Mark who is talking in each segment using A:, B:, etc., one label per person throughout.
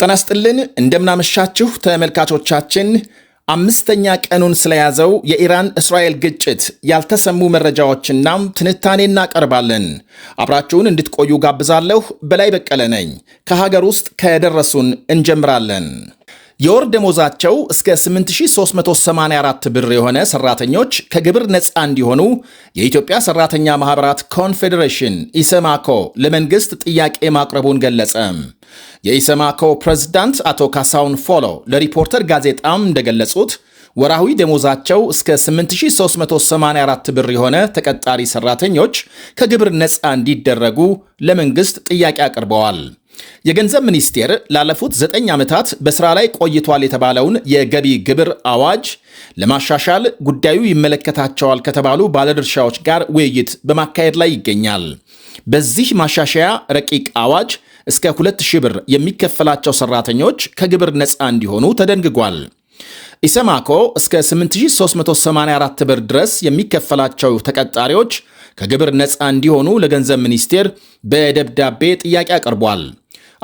A: ጤና ይስጥልን እንደምናመሻችሁ ተመልካቾቻችን። አምስተኛ ቀኑን ስለያዘው የኢራን እስራኤል ግጭት ያልተሰሙ መረጃዎችና ትንታኔ እናቀርባለን። አብራችሁን እንድትቆዩ ጋብዛለሁ። በላይ በቀለ ነኝ። ከሀገር ውስጥ ከደረሱን እንጀምራለን። የወር ደሞዛቸው እስከ 8384 ብር የሆነ ሰራተኞች ከግብር ነፃ እንዲሆኑ የኢትዮጵያ ሰራተኛ ማህበራት ኮንፌዴሬሽን ኢሰማኮ ለመንግሥት ጥያቄ ማቅረቡን ገለጸ። የኢሰማኮ ፕሬዝዳንት አቶ ካሳውን ፎሎ ለሪፖርተር ጋዜጣም እንደገለጹት ወራዊ ደሞዛቸው እስከ 8384 ብር የሆነ ተቀጣሪ ሰራተኞች ከግብር ነፃ እንዲደረጉ ለመንግሥት ጥያቄ አቅርበዋል። የገንዘብ ሚኒስቴር ላለፉት ዘጠኝ ዓመታት በስራ ላይ ቆይቷል የተባለውን የገቢ ግብር አዋጅ ለማሻሻል ጉዳዩ ይመለከታቸዋል ከተባሉ ባለድርሻዎች ጋር ውይይት በማካሄድ ላይ ይገኛል። በዚህ ማሻሻያ ረቂቅ አዋጅ እስከ 2000 ብር የሚከፈላቸው ሰራተኞች ከግብር ነፃ እንዲሆኑ ተደንግጓል። ኢሰማኮ እስከ 8384 ብር ድረስ የሚከፈላቸው ተቀጣሪዎች ከግብር ነፃ እንዲሆኑ ለገንዘብ ሚኒስቴር በደብዳቤ ጥያቄ አቅርቧል።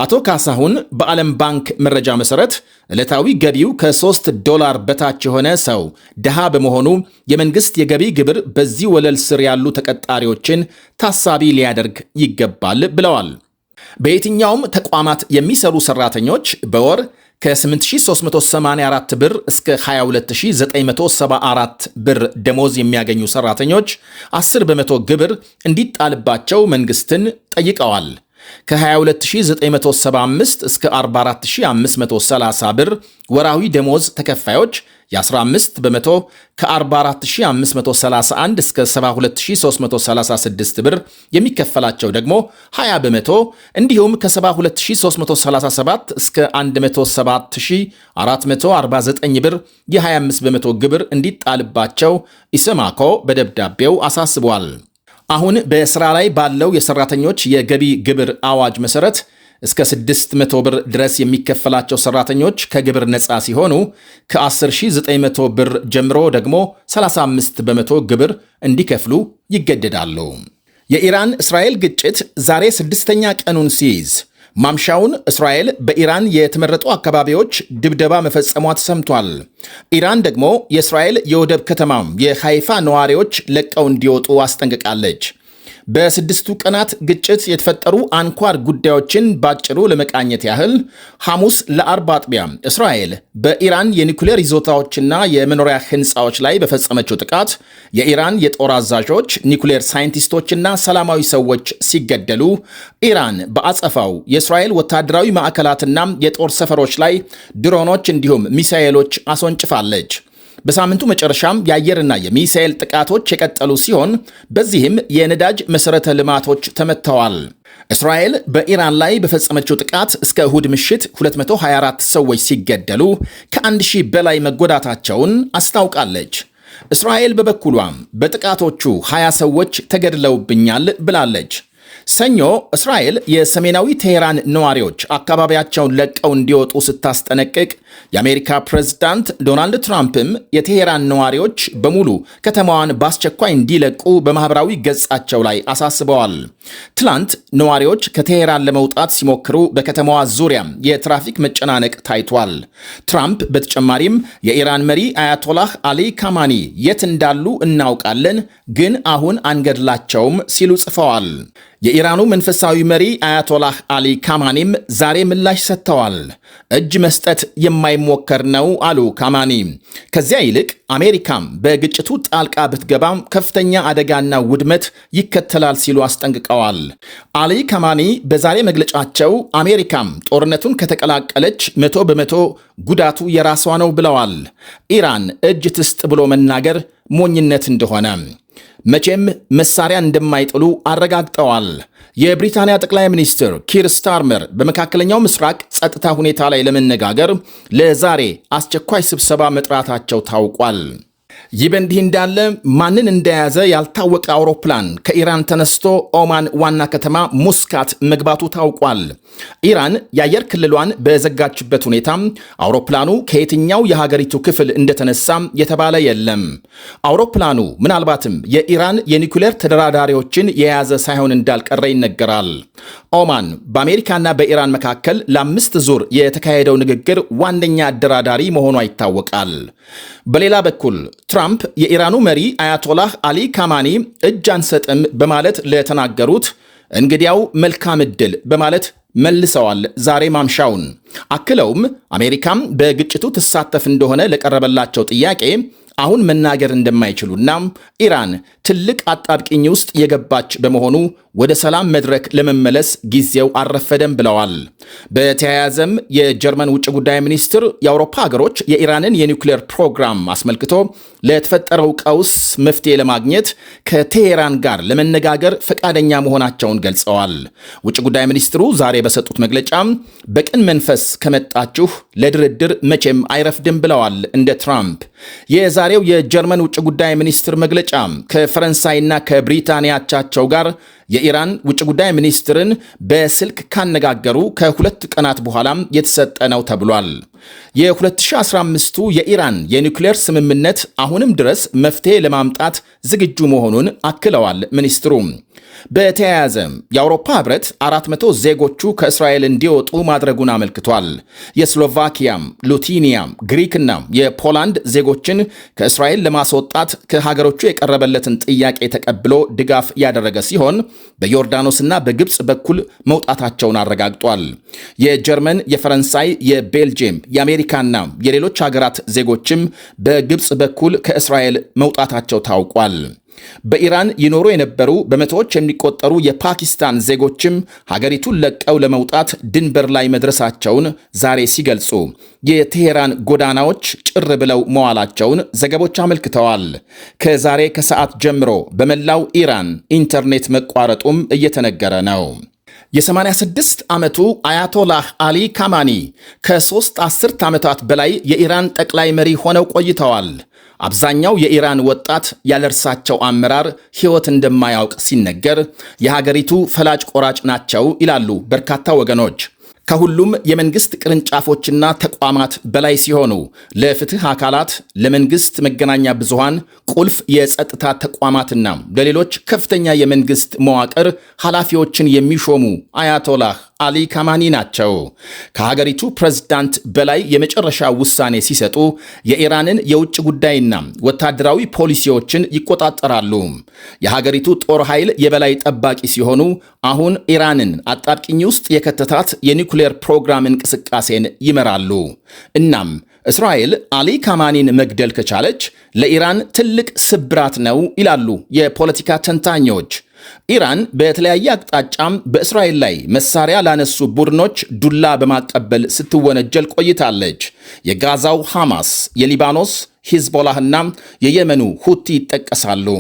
A: አቶ ካሳሁን በዓለም ባንክ መረጃ መሰረት ዕለታዊ ገቢው ከ3 ዶላር በታች የሆነ ሰው ድሃ በመሆኑ የመንግሥት የገቢ ግብር በዚህ ወለል ስር ያሉ ተቀጣሪዎችን ታሳቢ ሊያደርግ ይገባል ብለዋል። በየትኛውም ተቋማት የሚሰሩ ሠራተኞች በወር ከ8384 ብር እስከ 22974 ብር ደሞዝ የሚያገኙ ሠራተኞች 10 በመቶ ግብር እንዲጣልባቸው መንግሥትን ጠይቀዋል። ከ22975 እስከ 44530 ብር ወራዊ ደሞዝ ተከፋዮች የ15 በመቶ ከ44531 እስከ 72336 ብር የሚከፈላቸው ደግሞ 20 በመቶ እንዲሁም ከ72337 እስከ 17449 ብር የ25 በመቶ ግብር እንዲጣልባቸው ኢሰማኮ በደብዳቤው አሳስቧል። አሁን በስራ ላይ ባለው የሰራተኞች የገቢ ግብር አዋጅ መሰረት እስከ 600 ብር ድረስ የሚከፈላቸው ሰራተኞች ከግብር ነፃ ሲሆኑ ከ10900 ብር ጀምሮ ደግሞ 35 በመቶ ግብር እንዲከፍሉ ይገደዳሉ። የኢራን እስራኤል ግጭት ዛሬ ስድስተኛ ቀኑን ሲይዝ ማምሻውን እስራኤል በኢራን የተመረጡ አካባቢዎች ድብደባ መፈጸሟ ተሰምቷል። ኢራን ደግሞ የእስራኤል የወደብ ከተማም የሃይፋ ነዋሪዎች ለቀው እንዲወጡ አስጠንቅቃለች። በስድስቱ ቀናት ግጭት የተፈጠሩ አንኳር ጉዳዮችን ባጭሩ ለመቃኘት ያህል ሐሙስ ለአርብ አጥቢያ እስራኤል በኢራን የኒኩሌር ይዞታዎችና የመኖሪያ ህንፃዎች ላይ በፈጸመችው ጥቃት የኢራን የጦር አዛዦች፣ ኒኩሌር ሳይንቲስቶችና ሰላማዊ ሰዎች ሲገደሉ ኢራን በአጸፋው የእስራኤል ወታደራዊ ማዕከላትና የጦር ሰፈሮች ላይ ድሮኖች እንዲሁም ሚሳኤሎች አስወንጭፋለች። በሳምንቱ መጨረሻም የአየርና የሚሳኤል ጥቃቶች የቀጠሉ ሲሆን በዚህም የነዳጅ መሠረተ ልማቶች ተመትተዋል። እስራኤል በኢራን ላይ በፈጸመችው ጥቃት እስከ እሁድ ምሽት 224 ሰዎች ሲገደሉ ከ1000 በላይ መጎዳታቸውን አስታውቃለች። እስራኤል በበኩሏም በጥቃቶቹ 20 ሰዎች ተገድለውብኛል ብላለች። ሰኞ እስራኤል የሰሜናዊ ቴሄራን ነዋሪዎች አካባቢያቸውን ለቀው እንዲወጡ ስታስጠነቅቅ የአሜሪካ ፕሬዝዳንት ዶናልድ ትራምፕም የቴሄራን ነዋሪዎች በሙሉ ከተማዋን በአስቸኳይ እንዲለቁ በማኅበራዊ ገጻቸው ላይ አሳስበዋል። ትላንት ነዋሪዎች ከቴሄራን ለመውጣት ሲሞክሩ በከተማዋ ዙሪያ የትራፊክ መጨናነቅ ታይቷል። ትራምፕ በተጨማሪም የኢራን መሪ አያቶላህ አሊ ካማኒ የት እንዳሉ እናውቃለን፣ ግን አሁን አንገድላቸውም ሲሉ ጽፈዋል። የኢራኑ መንፈሳዊ መሪ አያቶላህ አሊ ካማኒም ዛሬ ምላሽ ሰጥተዋል። እጅ መስጠት የማ የማይሞከር ነው አሉ ካማኒ። ከዚያ ይልቅ አሜሪካም በግጭቱ ጣልቃ ብትገባም ከፍተኛ አደጋና ውድመት ይከተላል ሲሉ አስጠንቅቀዋል። አሊ ካማኒ በዛሬ መግለጫቸው አሜሪካም ጦርነቱን ከተቀላቀለች መቶ በመቶ ጉዳቱ የራሷ ነው ብለዋል። ኢራን እጅ ትስጥ ብሎ መናገር ሞኝነት እንደሆነ መቼም መሳሪያ እንደማይጥሉ አረጋግጠዋል። የብሪታንያ ጠቅላይ ሚኒስትር ኪር ስታርመር በመካከለኛው ምስራቅ ጸጥታ ሁኔታ ላይ ለመነጋገር ለዛሬ አስቸኳይ ስብሰባ መጥራታቸው ታውቋል። ይህ በእንዲህ እንዳለ ማንን እንደያዘ ያልታወቀ አውሮፕላን ከኢራን ተነስቶ ኦማን ዋና ከተማ ሙስካት መግባቱ ታውቋል። ኢራን የአየር ክልሏን በዘጋችበት ሁኔታ አውሮፕላኑ ከየትኛው የሀገሪቱ ክፍል እንደተነሳ የተባለ የለም። አውሮፕላኑ ምናልባትም የኢራን የኒኩሌር ተደራዳሪዎችን የያዘ ሳይሆን እንዳልቀረ ይነገራል። ኦማን በአሜሪካና በኢራን መካከል ለአምስት ዙር የተካሄደው ንግግር ዋነኛ አደራዳሪ መሆኗ ይታወቃል። በሌላ በኩል ትራምፕ የኢራኑ መሪ አያቶላህ አሊ ካማኒ እጅ አንሰጥም በማለት ለተናገሩት እንግዲያው መልካም እድል በማለት መልሰዋል። ዛሬ ማምሻውን አክለውም አሜሪካም በግጭቱ ትሳተፍ እንደሆነ ለቀረበላቸው ጥያቄ አሁን መናገር እንደማይችሉ እናም ኢራን ትልቅ አጣብቂኝ ውስጥ የገባች በመሆኑ ወደ ሰላም መድረክ ለመመለስ ጊዜው አልረፈደም ብለዋል። በተያያዘም የጀርመን ውጭ ጉዳይ ሚኒስትር የአውሮፓ ሀገሮች የኢራንን የኒውክሌር ፕሮግራም አስመልክቶ ለተፈጠረው ቀውስ መፍትሄ ለማግኘት ከቴሄራን ጋር ለመነጋገር ፈቃደኛ መሆናቸውን ገልጸዋል። ውጭ ጉዳይ ሚኒስትሩ ዛሬ በሰጡት መግለጫም በቅን መንፈስ ከመጣችሁ ለድርድር መቼም አይረፍድም ብለዋል። እንደ ትራምፕ የዛሬው የጀርመን ውጭ ጉዳይ ሚኒስትር መግለጫ ከፈረንሳይና ከብሪታንያቻቸው ጋር የኢራን ውጭ ጉዳይ ሚኒስትርን በስልክ ካነጋገሩ ከሁለት ቀናት በኋላም የተሰጠ ነው ተብሏል። የ2015ቱ የኢራን የኒውክሌር ስምምነት አሁንም ድረስ መፍትሄ ለማምጣት ዝግጁ መሆኑን አክለዋል ሚኒስትሩ። በተያያዘም የአውሮፓ ህብረት 400 ዜጎቹ ከእስራኤል እንዲወጡ ማድረጉን አመልክቷል። የስሎቫኪያም፣ ሉቲኒያም፣ ግሪክና የፖላንድ ዜጎችን ከእስራኤል ለማስወጣት ከሀገሮቹ የቀረበለትን ጥያቄ ተቀብሎ ድጋፍ ያደረገ ሲሆን በዮርዳኖስና በግብፅ በኩል መውጣታቸውን አረጋግጧል። የጀርመን፣ የፈረንሳይ፣ የቤልጅየም፣ የአሜሪካና የሌሎች ሀገራት ዜጎችም በግብፅ በኩል ከእስራኤል መውጣታቸው ታውቋል። በኢራን ይኖሩ የነበሩ በመቶዎች የሚቆጠሩ የፓኪስታን ዜጎችም ሀገሪቱን ለቀው ለመውጣት ድንበር ላይ መድረሳቸውን ዛሬ ሲገልጹ የቴሄራን ጎዳናዎች ጭር ብለው መዋላቸውን ዘገቦች አመልክተዋል። ከዛሬ ከሰዓት ጀምሮ በመላው ኢራን ኢንተርኔት መቋረጡም እየተነገረ ነው። የ86 ዓመቱ አያቶላህ አሊ ካማኒ ከሦስት አስርት ዓመታት በላይ የኢራን ጠቅላይ መሪ ሆነው ቆይተዋል። አብዛኛው የኢራን ወጣት ያለርሳቸው አመራር ሕይወት እንደማያውቅ ሲነገር የሀገሪቱ ፈላጭ ቆራጭ ናቸው ይላሉ በርካታ ወገኖች። ከሁሉም የመንግስት ቅርንጫፎችና ተቋማት በላይ ሲሆኑ ለፍትህ አካላት፣ ለመንግስት መገናኛ ብዙሃን፣ ቁልፍ የጸጥታ ተቋማትና ለሌሎች ከፍተኛ የመንግስት መዋቅር ኃላፊዎችን የሚሾሙ አያቶላህ አሊ ካማኒ ናቸው። ከሀገሪቱ ፕሬዝዳንት በላይ የመጨረሻ ውሳኔ ሲሰጡ የኢራንን የውጭ ጉዳይና ወታደራዊ ፖሊሲዎችን ይቆጣጠራሉ። የሀገሪቱ ጦር ኃይል የበላይ ጠባቂ ሲሆኑ አሁን ኢራንን አጣብቂኝ ውስጥ የከተታት የኒውክሌር ፕሮግራም እንቅስቃሴን ይመራሉ። እናም እስራኤል አሊ ካማኒን መግደል ከቻለች ለኢራን ትልቅ ስብራት ነው ይላሉ የፖለቲካ ተንታኞች። ኢራን በተለያየ አቅጣጫም በእስራኤል ላይ መሳሪያ ላነሱ ቡድኖች ዱላ በማቀበል ስትወነጀል ቆይታለች። የጋዛው ሐማስ፣ የሊባኖስ ሂዝቦላህና የየመኑ ሁቲ ይጠቀሳሉ።